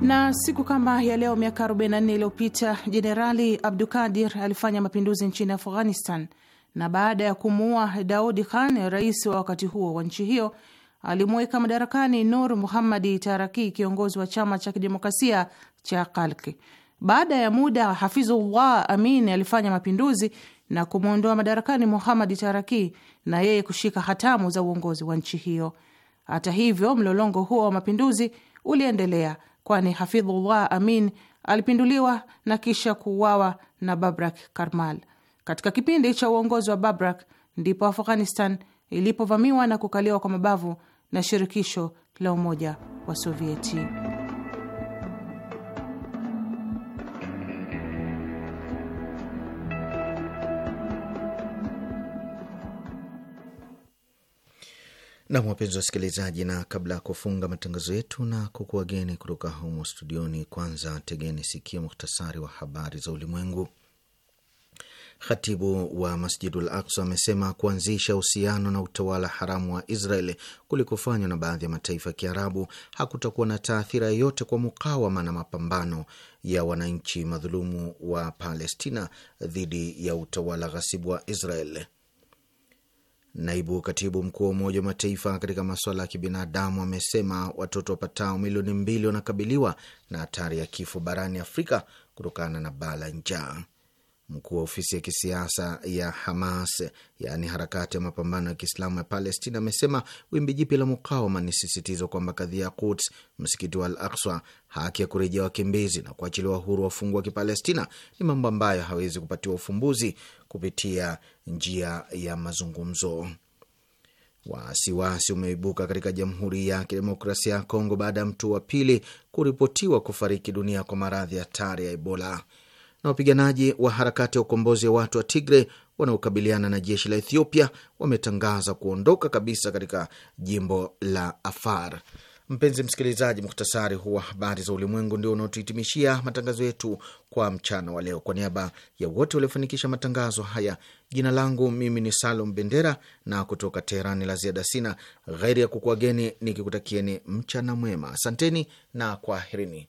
Na siku kama ya leo miaka 44 iliyopita Jenerali Abdukadir alifanya mapinduzi nchini Afghanistan, na baada ya kumuua Daudi Khan, rais wa wakati huo wa nchi hiyo, alimuweka madarakani Nur Muhammadi Taraki, kiongozi wa chama cha kidemokrasia cha Kalki. Baada ya muda, Hafidhullah Amin alifanya mapinduzi na kumwondoa madarakani Muhamadi Taraki na yeye kushika hatamu za uongozi wa nchi hiyo. Hata hivyo, mlolongo huo wa mapinduzi uliendelea, kwani Hafidhullah Amin alipinduliwa na kisha kuuawa na Babrak Karmal. Katika kipindi cha uongozi wa Babrak ndipo Afghanistan ilipovamiwa na kukaliwa kwa mabavu na shirikisho la Umoja wa Sovieti. Nam, wapenzi wasikilizaji, na kabla ya kufunga matangazo yetu na kukuwageni kutoka humo studioni, kwanza tegeni sikio muhtasari wa habari za ulimwengu. Khatibu wa Masjidul Aksa amesema kuanzisha uhusiano na utawala haramu wa israel kulikofanywa na baadhi ya mataifa ya Kiarabu hakutakuwa na taathira yoyote kwa mukawama na mapambano ya wananchi madhulumu wa Palestina dhidi ya utawala ghasibu wa israel Naibu katibu mkuu wa Umoja wa Mataifa katika masuala ya kibinadamu amesema watoto wapatao milioni mbili wanakabiliwa na hatari ya kifo barani Afrika kutokana na bala njaa. Mkuu wa ofisi ya kisiasa ya Hamas, yaani harakati ya mapambano ya Kiislamu ya Palestina, amesema wimbi jipya la mukawama ni sisitizo kwamba kadhia ya Quds, msikiti wa Al akswa haki ya kurejea wakimbizi na kuachiliwa huru wafungwa wa Kipalestina ni mambo ambayo hawezi kupatiwa ufumbuzi kupitia njia ya mazungumzo. Wasiwasi umeibuka katika Jamhuri ya Kidemokrasia ya Kongo baada ya mtu wa pili kuripotiwa kufariki dunia kwa maradhi hatari ya Ebola na wapiganaji wa harakati ya ukombozi wa watu wa Tigre wanaokabiliana na jeshi la Ethiopia wametangaza kuondoka kabisa katika jimbo la Afar. Mpenzi msikilizaji, muhtasari huu wa habari za ulimwengu ndio unaotuhitimishia matangazo yetu kwa mchana wa leo. Kwa niaba ya wote waliofanikisha matangazo haya, jina langu mimi ni Salum Bendera na kutoka Teherani la ziada sina ghairi ya kukuageni nikikutakieni mchana mwema. Asanteni na kwaherini.